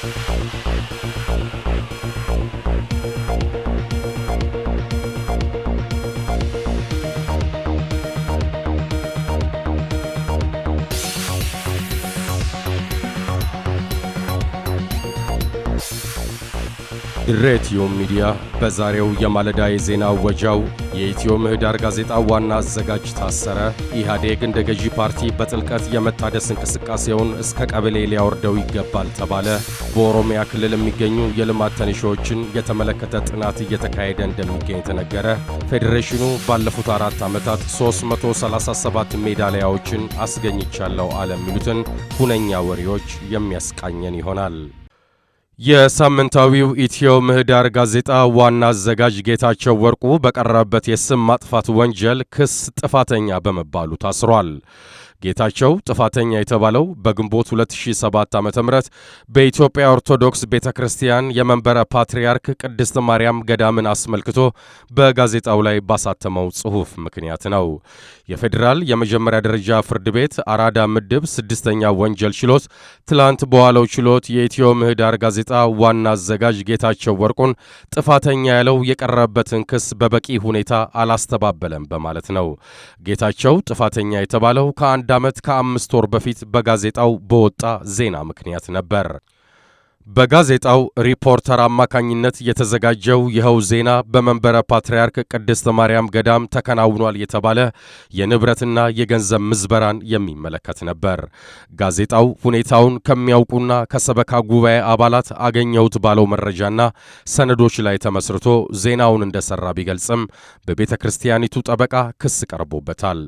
thank you ሬትዮ ሚዲያ በዛሬው የማለዳ የዜና ወጃው የኢትዮ ምህዳር ጋዜጣ ዋና አዘጋጅ ታሰረ፣ ኢህአዴግ እንደ ገዢ ፓርቲ በጥልቀት የመታደስ እንቅስቃሴውን እስከ ቀበሌ ሊያወርደው ይገባል ተባለ፣ በኦሮሚያ ክልል የሚገኙ የልማት ተነሺዎችን የተመለከተ ጥናት እየተካሄደ እንደሚገኝ ተነገረ፣ ፌዴሬሽኑ ባለፉት አራት ዓመታት 337 ሜዳሊያዎችን አስገኝቻለሁ አለ። የሚሉትን ሁነኛ ወሬዎች የሚያስቃኘን ይሆናል። የሳምንታዊው ኢትዮ ምህዳር ጋዜጣ ዋና አዘጋጅ ጌታቸው ወርቁ በቀረበበት የስም ማጥፋት ወንጀል ክስ ጥፋተኛ በመባሉ ታስሯል። ጌታቸው ጥፋተኛ የተባለው በግንቦት 2007 ዓ ም በኢትዮጵያ ኦርቶዶክስ ቤተ ክርስቲያን የመንበረ ፓትርያርክ ቅድስት ማርያም ገዳምን አስመልክቶ በጋዜጣው ላይ ባሳተመው ጽሑፍ ምክንያት ነው። የፌዴራል የመጀመሪያ ደረጃ ፍርድ ቤት አራዳ ምድብ ስድስተኛ ወንጀል ችሎት ትላንት በዋለው ችሎት የኢትዮ ምህዳር ጋዜጣ ዋና አዘጋጅ ጌታቸው ወርቁን ጥፋተኛ ያለው የቀረበበትን ክስ በበቂ ሁኔታ አላስተባበለም በማለት ነው። ጌታቸው ጥፋተኛ የተባለው ከአንድ ማዳመጥ ከአምስት ወር በፊት በጋዜጣው በወጣ ዜና ምክንያት ነበር። በጋዜጣው ሪፖርተር አማካኝነት የተዘጋጀው ይኸው ዜና በመንበረ ፓትርያርክ ቅድስት ማርያም ገዳም ተከናውኗል የተባለ የንብረትና የገንዘብ ምዝበራን የሚመለከት ነበር። ጋዜጣው ሁኔታውን ከሚያውቁና ከሰበካ ጉባኤ አባላት አገኘሁት ባለው መረጃና ሰነዶች ላይ ተመስርቶ ዜናውን እንደሰራ ቢገልጽም በቤተ ክርስቲያኒቱ ጠበቃ ክስ ቀርቦበታል።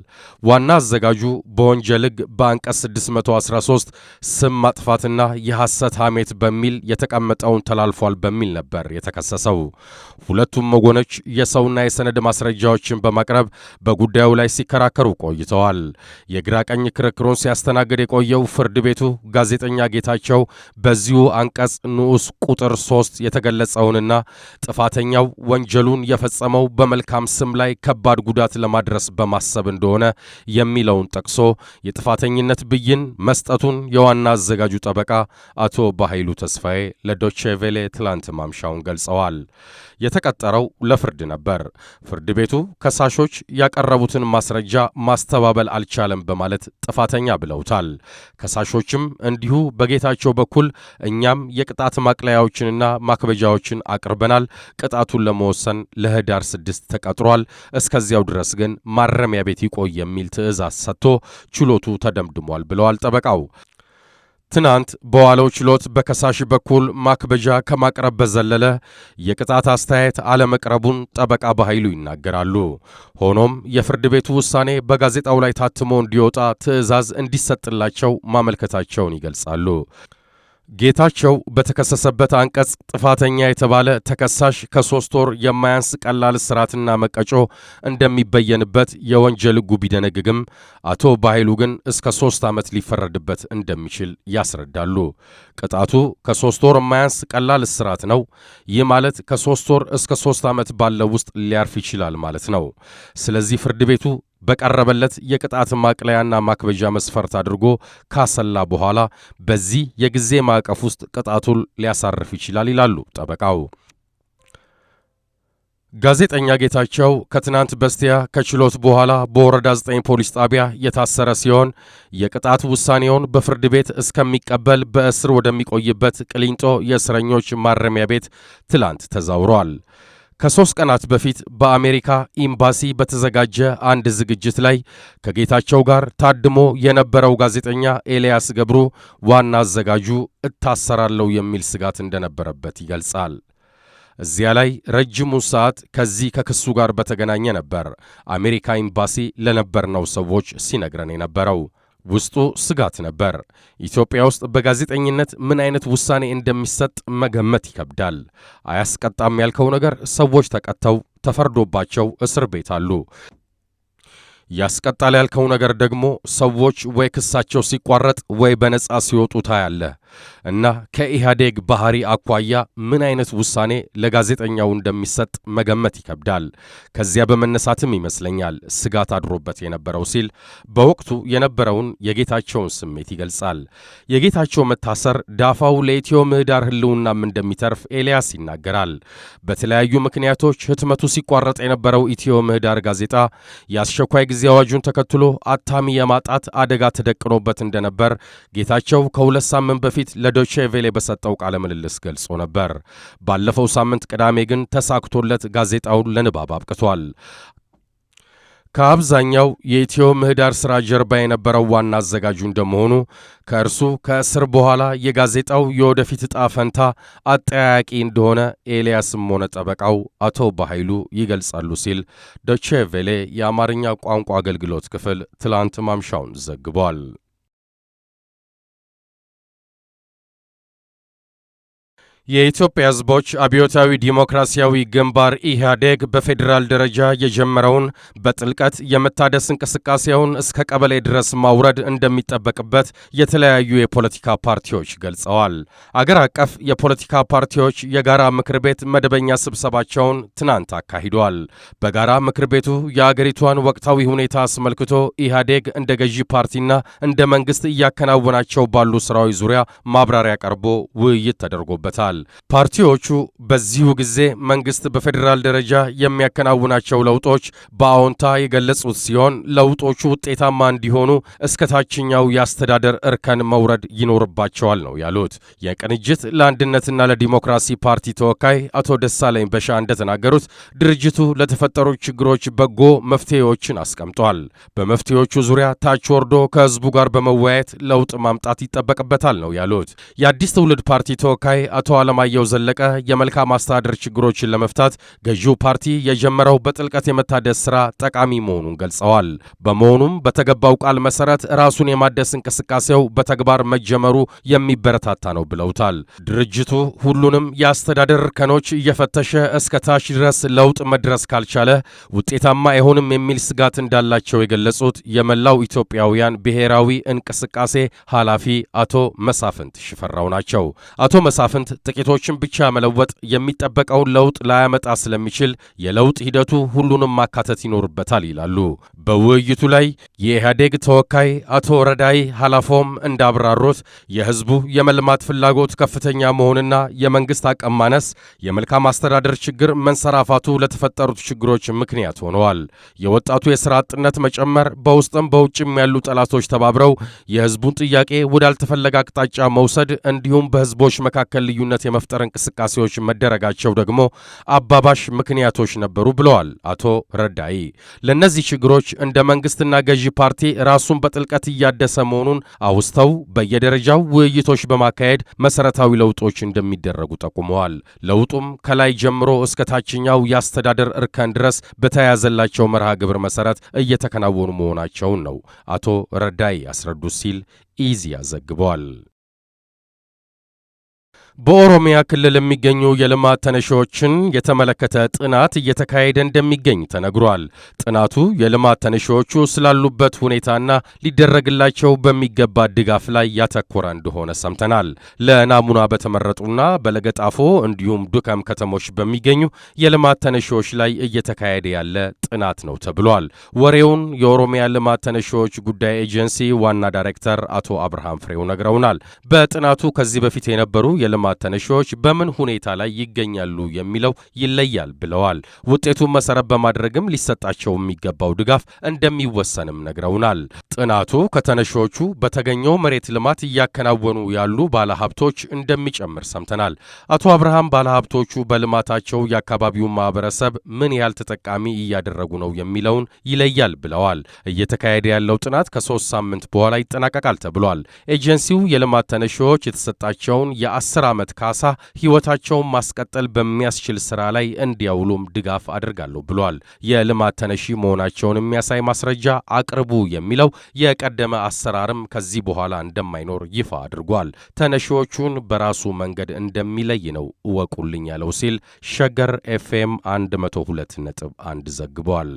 ዋና አዘጋጁ በወንጀል ሕግ በአንቀጽ 613 ስም ማጥፋትና የሐሰት ሐሜት በሚል በሚል የተቀመጠውን ተላልፏል በሚል ነበር የተከሰሰው። ሁለቱም ወገኖች የሰውና የሰነድ ማስረጃዎችን በማቅረብ በጉዳዩ ላይ ሲከራከሩ ቆይተዋል። የግራ ቀኝ ክርክሩን ሲያስተናግድ የቆየው ፍርድ ቤቱ ጋዜጠኛ ጌታቸው በዚሁ አንቀጽ ንዑስ ቁጥር ሶስት የተገለጸውንና ጥፋተኛው ወንጀሉን የፈጸመው በመልካም ስም ላይ ከባድ ጉዳት ለማድረስ በማሰብ እንደሆነ የሚለውን ጠቅሶ የጥፋተኝነት ብይን መስጠቱን የዋና አዘጋጁ ጠበቃ አቶ በኃይሉ ተስፋ ተስፋዬ ለዶቼ ቬሌ ትላንት ማምሻውን ገልጸዋል። የተቀጠረው ለፍርድ ነበር። ፍርድ ቤቱ ከሳሾች ያቀረቡትን ማስረጃ ማስተባበል አልቻለም በማለት ጥፋተኛ ብለውታል። ከሳሾችም እንዲሁ በጌታቸው በኩል እኛም የቅጣት ማቅለያዎችንና ማክበጃዎችን አቅርበናል። ቅጣቱን ለመወሰን ለህዳር ስድስት ተቀጥሯል። እስከዚያው ድረስ ግን ማረሚያ ቤት ይቆይ የሚል ትዕዛዝ ሰጥቶ ችሎቱ ተደምድሟል ብለዋል ጠበቃው። ትናንት በዋለው ችሎት በከሳሽ በኩል ማክበጃ ከማቅረብ በዘለለ የቅጣት አስተያየት አለመቅረቡን ጠበቃ በኃይሉ ይናገራሉ። ሆኖም የፍርድ ቤቱ ውሳኔ በጋዜጣው ላይ ታትሞ እንዲወጣ ትዕዛዝ እንዲሰጥላቸው ማመልከታቸውን ይገልጻሉ። ጌታቸው በተከሰሰበት አንቀጽ ጥፋተኛ የተባለ ተከሳሽ ከሶስት ወር የማያንስ ቀላል እስራትና መቀጮ እንደሚበየንበት የወንጀል ሕጉ ቢደነግግም አቶ ባይሉ ግን እስከ ሶስት ዓመት ሊፈረድበት እንደሚችል ያስረዳሉ። ቅጣቱ ከሶስት ወር የማያንስ ቀላል እስራት ነው። ይህ ማለት ከሶስት ወር እስከ ሶስት ዓመት ባለው ውስጥ ሊያርፍ ይችላል ማለት ነው። ስለዚህ ፍርድ ቤቱ በቀረበለት የቅጣት ማቅለያና ማክበዣ መስፈርት አድርጎ ካሰላ በኋላ በዚህ የጊዜ ማዕቀፍ ውስጥ ቅጣቱን ሊያሳርፍ ይችላል ይላሉ ጠበቃው። ጋዜጠኛ ጌታቸው ከትናንት በስቲያ ከችሎት በኋላ በወረዳ 9 ፖሊስ ጣቢያ የታሰረ ሲሆን የቅጣት ውሳኔውን በፍርድ ቤት እስከሚቀበል በእስር ወደሚቆይበት ቅሊንጦ የእስረኞች ማረሚያ ቤት ትላንት ተዛውሯል። ከሦስት ቀናት በፊት በአሜሪካ ኤምባሲ በተዘጋጀ አንድ ዝግጅት ላይ ከጌታቸው ጋር ታድሞ የነበረው ጋዜጠኛ ኤልያስ ገብሩ ዋና አዘጋጁ እታሰራለሁ የሚል ስጋት እንደነበረበት ይገልጻል። እዚያ ላይ ረጅሙን ሰዓት ከዚህ ከክሱ ጋር በተገናኘ ነበር አሜሪካ ኤምባሲ ለነበርነው ሰዎች ሲነግረን የነበረው። ውስጡ ስጋት ነበር። ኢትዮጵያ ውስጥ በጋዜጠኝነት ምን አይነት ውሳኔ እንደሚሰጥ መገመት ይከብዳል። አያስቀጣም ያልከው ነገር ሰዎች ተቀተው ተፈርዶባቸው እስር ቤት አሉ። ያስቀጣል ያልከው ነገር ደግሞ ሰዎች ወይ ክሳቸው ሲቋረጥ ወይ በነፃ ሲወጡ ታያለህ። እና ከኢህአዴግ ባህሪ አኳያ ምን አይነት ውሳኔ ለጋዜጠኛው እንደሚሰጥ መገመት ይከብዳል። ከዚያ በመነሳትም ይመስለኛል ስጋት አድሮበት የነበረው ሲል በወቅቱ የነበረውን የጌታቸውን ስሜት ይገልጻል። የጌታቸው መታሰር ዳፋው ለኢትዮ ምህዳር ህልውናም እንደሚተርፍ ኤልያስ ይናገራል። በተለያዩ ምክንያቶች ህትመቱ ሲቋረጥ የነበረው ኢትዮ ምህዳር ጋዜጣ የአስቸኳይ ጊዜ አዋጁን ተከትሎ አታሚ የማጣት አደጋ ተደቅኖበት እንደነበር ጌታቸው ከሁለት ሳምንት በፊት በፊት ለዶቼ ቬሌ በሰጠው ቃለ ምልልስ ገልጾ ነበር። ባለፈው ሳምንት ቅዳሜ ግን ተሳክቶለት ጋዜጣውን ለንባብ አብቅቷል። ከአብዛኛው የኢትዮ ምህዳር ሥራ ጀርባ የነበረው ዋና አዘጋጁ እንደመሆኑ ከእርሱ ከእስር በኋላ የጋዜጣው የወደፊት ዕጣ ፈንታ አጠያያቂ እንደሆነ ኤልያስም ሆነ ጠበቃው አቶ በኃይሉ ይገልጻሉ ሲል ዶቼ ቬሌ የአማርኛ ቋንቋ አገልግሎት ክፍል ትላንት ማምሻውን ዘግቧል። የኢትዮጵያ ሕዝቦች አብዮታዊ ዲሞክራሲያዊ ግንባር ኢህአዴግ በፌዴራል ደረጃ የጀመረውን በጥልቀት የመታደስ እንቅስቃሴውን እስከ ቀበሌ ድረስ ማውረድ እንደሚጠበቅበት የተለያዩ የፖለቲካ ፓርቲዎች ገልጸዋል። አገር አቀፍ የፖለቲካ ፓርቲዎች የጋራ ምክር ቤት መደበኛ ስብሰባቸውን ትናንት አካሂደዋል። በጋራ ምክር ቤቱ የአገሪቷን ወቅታዊ ሁኔታ አስመልክቶ ኢህአዴግ እንደ ገዢ ፓርቲና እንደ መንግስት እያከናወናቸው ባሉ ሥራዎች ዙሪያ ማብራሪያ ቀርቦ ውይይት ተደርጎበታል። ፓርቲዎቹ በዚሁ ጊዜ መንግስት በፌዴራል ደረጃ የሚያከናውናቸው ለውጦች በአዎንታ የገለጹት ሲሆን ለውጦቹ ውጤታማ እንዲሆኑ እስከ ታችኛው የአስተዳደር እርከን መውረድ ይኖርባቸዋል ነው ያሉት። የቅንጅት ለአንድነትና ለዲሞክራሲ ፓርቲ ተወካይ አቶ ደሳለኝ በሻ እንደተናገሩት ድርጅቱ ለተፈጠሩ ችግሮች በጎ መፍትሄዎችን አስቀምጧል። በመፍትሄዎቹ ዙሪያ ታች ወርዶ ከህዝቡ ጋር በመወያየት ለውጥ ማምጣት ይጠበቅበታል ነው ያሉት። የአዲስ ትውልድ ፓርቲ ተወካይ አቶ አለማየሁ ዘለቀ የመልካም አስተዳደር ችግሮችን ለመፍታት ገዢው ፓርቲ የጀመረው በጥልቀት የመታደስ ስራ ጠቃሚ መሆኑን ገልጸዋል። በመሆኑም በተገባው ቃል መሰረት ራሱን የማደስ እንቅስቃሴው በተግባር መጀመሩ የሚበረታታ ነው ብለውታል። ድርጅቱ ሁሉንም የአስተዳደር እርከኖች እየፈተሸ እስከ ታች ድረስ ለውጥ መድረስ ካልቻለ ውጤታማ አይሆንም የሚል ስጋት እንዳላቸው የገለጹት የመላው ኢትዮጵያውያን ብሔራዊ እንቅስቃሴ ኃላፊ አቶ መሳፍንት ሽፈራው ናቸው። አቶ መሳፍንት ጥቂቶችን ብቻ መለወጥ የሚጠበቀውን ለውጥ ላያመጣ ስለሚችል የለውጥ ሂደቱ ሁሉንም ማካተት ይኖርበታል ይላሉ። በውይይቱ ላይ የኢህአዴግ ተወካይ አቶ ረዳይ ሀላፎም እንዳብራሩት የህዝቡ የመልማት ፍላጎት ከፍተኛ መሆንና የመንግስት አቅም ማነስ የመልካም አስተዳደር ችግር መንሰራፋቱ ለተፈጠሩት ችግሮች ምክንያት ሆነዋል። የወጣቱ የስራ አጥነት መጨመር በውስጥም በውጭም ያሉ ጠላቶች ተባብረው የህዝቡን ጥያቄ ወዳልተፈለገ አቅጣጫ መውሰድ እንዲሁም በህዝቦች መካከል ልዩነት ግንኙነት የመፍጠር እንቅስቃሴዎች መደረጋቸው ደግሞ አባባሽ ምክንያቶች ነበሩ ብለዋል አቶ ረዳይ። ለእነዚህ ችግሮች እንደ መንግስትና ገዢ ፓርቲ ራሱን በጥልቀት እያደሰ መሆኑን አውስተው በየደረጃው ውይይቶች በማካሄድ መሰረታዊ ለውጦች እንደሚደረጉ ጠቁመዋል። ለውጡም ከላይ ጀምሮ እስከ ታችኛው የአስተዳደር እርከን ድረስ በተያያዘላቸው መርሃ ግብር መሰረት እየተከናወኑ መሆናቸውን ነው አቶ ረዳይ አስረዱ ሲል ኢዜአ ዘግቧል። በኦሮሚያ ክልል የሚገኙ የልማት ተነሺዎችን የተመለከተ ጥናት እየተካሄደ እንደሚገኝ ተነግሯል። ጥናቱ የልማት ተነሺዎቹ ስላሉበት ሁኔታና ሊደረግላቸው በሚገባ ድጋፍ ላይ ያተኮረ እንደሆነ ሰምተናል። ለናሙና በተመረጡና በለገጣፎ እንዲሁም ዱከም ከተሞች በሚገኙ የልማት ተነሺዎች ላይ እየተካሄደ ያለ ጥናት ነው ተብሏል። ወሬውን የኦሮሚያ ልማት ተነሺዎች ጉዳይ ኤጀንሲ ዋና ዳይሬክተር አቶ አብርሃም ፍሬው ነግረውናል። በጥናቱ ከዚህ በፊት የነበሩ የልማት ተነሺዎች በምን ሁኔታ ላይ ይገኛሉ የሚለው ይለያል ብለዋል። ውጤቱን መሰረት በማድረግም ሊሰጣቸው የሚገባው ድጋፍ እንደሚወሰንም ነግረውናል። ጥናቱ ከተነሺዎቹ በተገኘው መሬት ልማት እያከናወኑ ያሉ ባለሀብቶች እንደሚጨምር ሰምተናል። አቶ አብርሃም ባለሀብቶቹ በልማታቸው የአካባቢውን ማህበረሰብ ምን ያህል ተጠቃሚ እያደረጉ ነው የሚለውን ይለያል ብለዋል። እየተካሄደ ያለው ጥናት ከሶስት ሳምንት በኋላ ይጠናቀቃል ተብሏል። ኤጀንሲው የልማት ተነሺዎች የተሰጣቸውን የአስር ዓመት ካሳ ሕይወታቸውን ማስቀጠል በሚያስችል ሥራ ላይ እንዲያውሉም ድጋፍ አድርጋለሁ ብሏል። የልማት ተነሺ መሆናቸውን የሚያሳይ ማስረጃ አቅርቡ የሚለው የቀደመ አሰራርም ከዚህ በኋላ እንደማይኖር ይፋ አድርጓል። ተነሺዎቹን በራሱ መንገድ እንደሚለይ ነው እወቁልኝ ያለው ሲል ሸገር ኤፍኤም 102.1 ዘግቧል።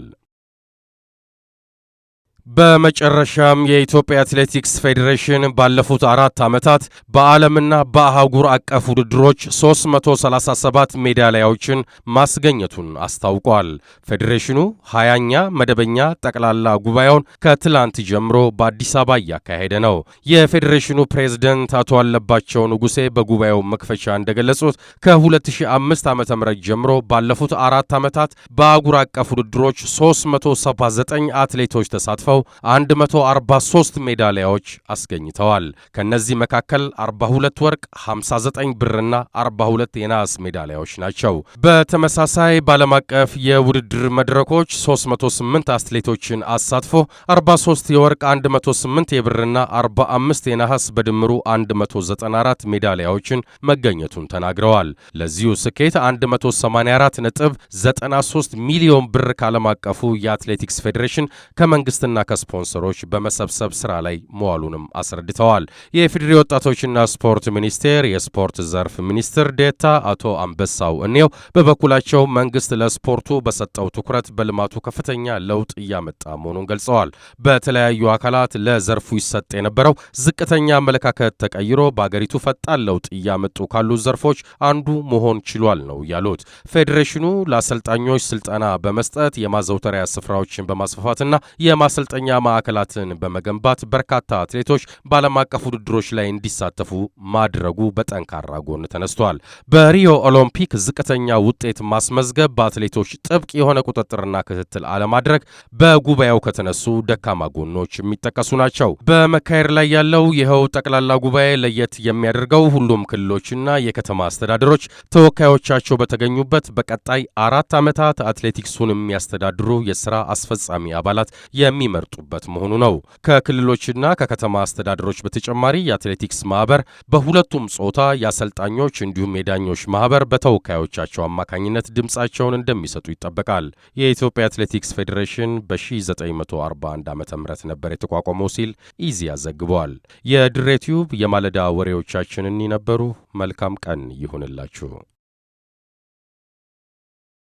በመጨረሻም የኢትዮጵያ አትሌቲክስ ፌዴሬሽን ባለፉት አራት ዓመታት በዓለምና በአህጉር አቀፍ ውድድሮች 337 ሜዳሊያዎችን ማስገኘቱን አስታውቋል። ፌዴሬሽኑ ሀያኛ መደበኛ ጠቅላላ ጉባኤውን ከትላንት ጀምሮ በአዲስ አበባ እያካሄደ ነው። የፌዴሬሽኑ ፕሬዝደንት አቶ አለባቸው ንጉሴ በጉባኤው መክፈቻ እንደገለጹት ከ2005 ዓ ም ጀምሮ ባለፉት አራት ዓመታት በአህጉር አቀፍ ውድድሮች 379 አትሌቶች ተሳትፈው አሸንፈው 143 ሜዳሊያዎች አስገኝተዋል። ከእነዚህ መካከል 42 ወርቅ፣ 59 ብርና 42 የነሐስ ሜዳሊያዎች ናቸው። በተመሳሳይ በዓለም አቀፍ የውድድር መድረኮች 308 አትሌቶችን አሳትፎ 43 የወርቅ፣ 108 የብርና 45 የነሐስ በድምሩ 194 ሜዳሊያዎችን መገኘቱን ተናግረዋል። ለዚሁ ስኬት 184 ነጥብ 93 ሚሊዮን ብር ካለም አቀፉ የአትሌቲክስ ፌዴሬሽን ከመንግስትና ከስፖንሰሮች በመሰብሰብ ስራ ላይ መዋሉንም አስረድተዋል። የኢፌዴሪ ወጣቶችና ስፖርት ሚኒስቴር የስፖርት ዘርፍ ሚኒስትር ዴታ አቶ አንበሳው እኔው በበኩላቸው መንግስት ለስፖርቱ በሰጠው ትኩረት በልማቱ ከፍተኛ ለውጥ እያመጣ መሆኑን ገልጸዋል። በተለያዩ አካላት ለዘርፉ ይሰጥ የነበረው ዝቅተኛ አመለካከት ተቀይሮ በአገሪቱ ፈጣን ለውጥ እያመጡ ካሉ ዘርፎች አንዱ መሆን ችሏል ነው ያሉት። ፌዴሬሽኑ ለአሰልጣኞች ስልጠና በመስጠት የማዘውተሪያ ስፍራዎችን በማስፋፋትና የማሰልጠ ማሰልጠኛ ማዕከላትን በመገንባት በርካታ አትሌቶች በዓለም አቀፍ ውድድሮች ላይ እንዲሳተፉ ማድረጉ በጠንካራ ጎን ተነስቷል። በሪዮ ኦሎምፒክ ዝቅተኛ ውጤት ማስመዝገብ፣ በአትሌቶች ጥብቅ የሆነ ቁጥጥርና ክትትል አለማድረግ በጉባኤው ከተነሱ ደካማ ጎኖች የሚጠቀሱ ናቸው። በመካሄድ ላይ ያለው ይኸው ጠቅላላ ጉባኤ ለየት የሚያደርገው ሁሉም ክልሎችና የከተማ አስተዳደሮች ተወካዮቻቸው በተገኙበት በቀጣይ አራት ዓመታት አትሌቲክሱን የሚያስተዳድሩ የስራ አስፈጻሚ አባላት የሚመ የሚመርጡበት መሆኑ ነው። ከክልሎችና ከከተማ አስተዳደሮች በተጨማሪ የአትሌቲክስ ማህበር በሁለቱም ጾታ የአሰልጣኞች እንዲሁም የዳኞች ማህበር በተወካዮቻቸው አማካኝነት ድምፃቸውን እንደሚሰጡ ይጠበቃል። የኢትዮጵያ አትሌቲክስ ፌዴሬሽን በ1941 ዓ ም ነበር የተቋቋመው ሲል ኢዜአ ዘግቧል። የድሬ ቲዩብ የማለዳ ወሬዎቻችን እኒ ነበሩ። መልካም ቀን ይሁንላችሁ።